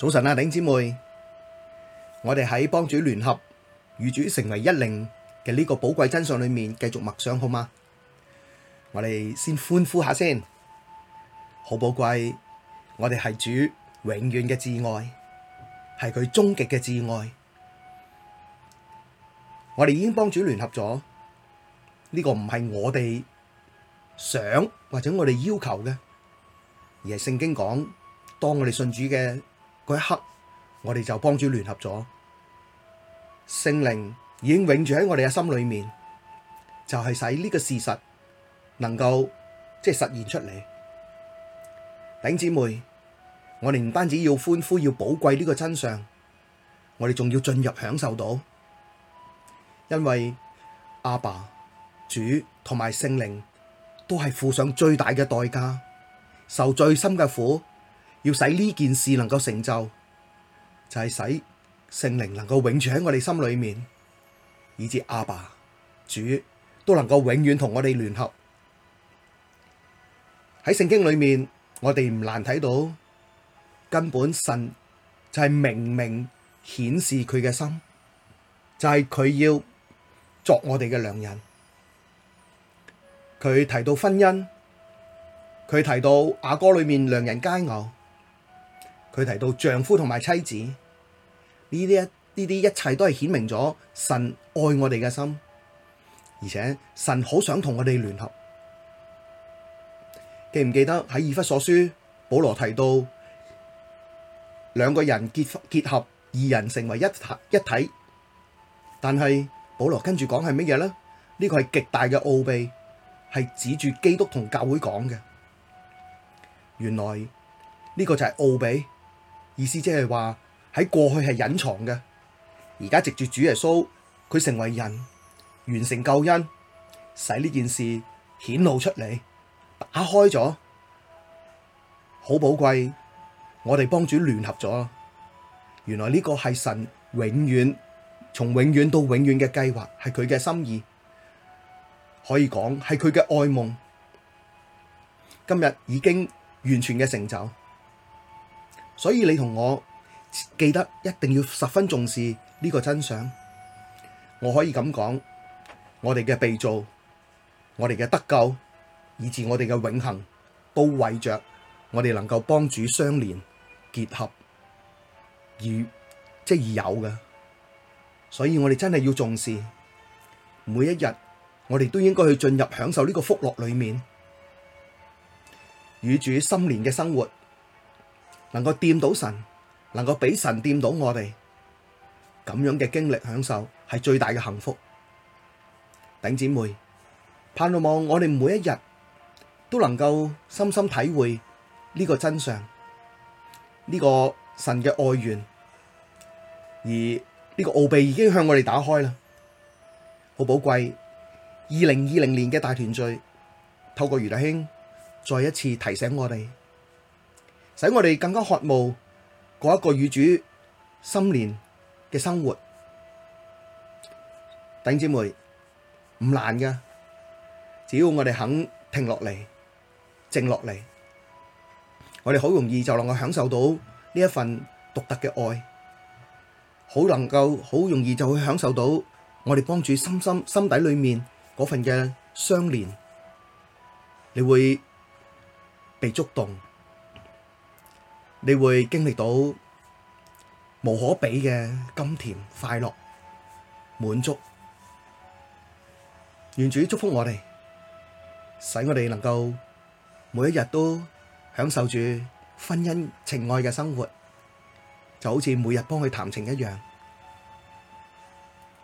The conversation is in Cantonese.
早晨啊，頂姊妹，我哋喺幫主聯合與主成為一靈嘅呢個寶貴真相裏面繼續默想，好嗎？我哋先歡呼下先，好寶貴！我哋係主永遠嘅摯愛，係佢終極嘅摯愛。我哋已經幫主聯合咗，呢個唔係我哋想或者我哋要求嘅，而係聖經講當我哋信主嘅。嗰一刻，我哋就幫主聯合咗，聖靈已經永住喺我哋嘅心裏面，就係使呢個事實能夠即係實現出嚟。頂姐妹，我哋唔單止要歡呼，要寶貴呢個真相，我哋仲要進入享受到，因為阿爸主同埋聖靈都係付上最大嘅代價，受最深嘅苦。要使呢件事能夠成就，就係、是、使聖靈能夠永存喺我哋心裏面，以至阿爸主都能夠永遠同我哋聯合。喺聖經裏面，我哋唔難睇到，根本神就係明明顯示佢嘅心，就係、是、佢要作我哋嘅良人。佢提到婚姻，佢提到阿哥裏面良人佳偶。佢提到丈夫同埋妻子，呢啲一呢啲一切都係顯明咗神愛我哋嘅心，而且神好想同我哋聯合。記唔記得喺以弗所書保羅提到兩個人結結合二人成為一合一體，但係保羅跟住講係乜嘢呢？呢個係極大嘅奧秘，係指住基督同教會講嘅。原來呢個就係奧秘。意思即係話喺過去係隱藏嘅，而家藉住主耶穌，佢成為人，完成救恩，使呢件事顯露出嚟，打開咗，好寶貴。我哋幫主聯合咗，原來呢個係神永遠從永遠到永遠嘅計劃，係佢嘅心意，可以講係佢嘅愛夢。今日已經完全嘅成就。所以你同我記得一定要十分重視呢個真相。我可以咁講，我哋嘅被造，我哋嘅得救，以至我哋嘅永恆，都為着我哋能夠幫主相連結合，而即係有嘅。所以我哋真係要重視每一日，我哋都應該去進入享受呢個福樂裏面，與主心連嘅生活。能夠掂到神，能夠俾神掂到我哋，咁樣嘅經歷享受係最大嘅幸福。頂姐妹，盼望我哋每一日都能夠深深體會呢個真相，呢個神嘅愛願，而呢個奧祕已經向我哋打開啦，好寶貴。二零二零年嘅大團聚，透過余大兄再一次提醒我哋。使我哋更加渴慕嗰一個與主心連嘅生活，弟兄姊妹，唔難㗎，只要我哋肯停落嚟，靜落嚟，我哋好容易就能夠享受到呢一份獨特嘅愛，好能夠好容易就會享受到我哋幫主心心心底裏面嗰份嘅相連，你會被觸動。你會經歷到無可比嘅甘甜、快樂、滿足。願主祝福我哋，使我哋能夠每一日都享受住婚姻情愛嘅生活，就好似每日幫佢談情一樣。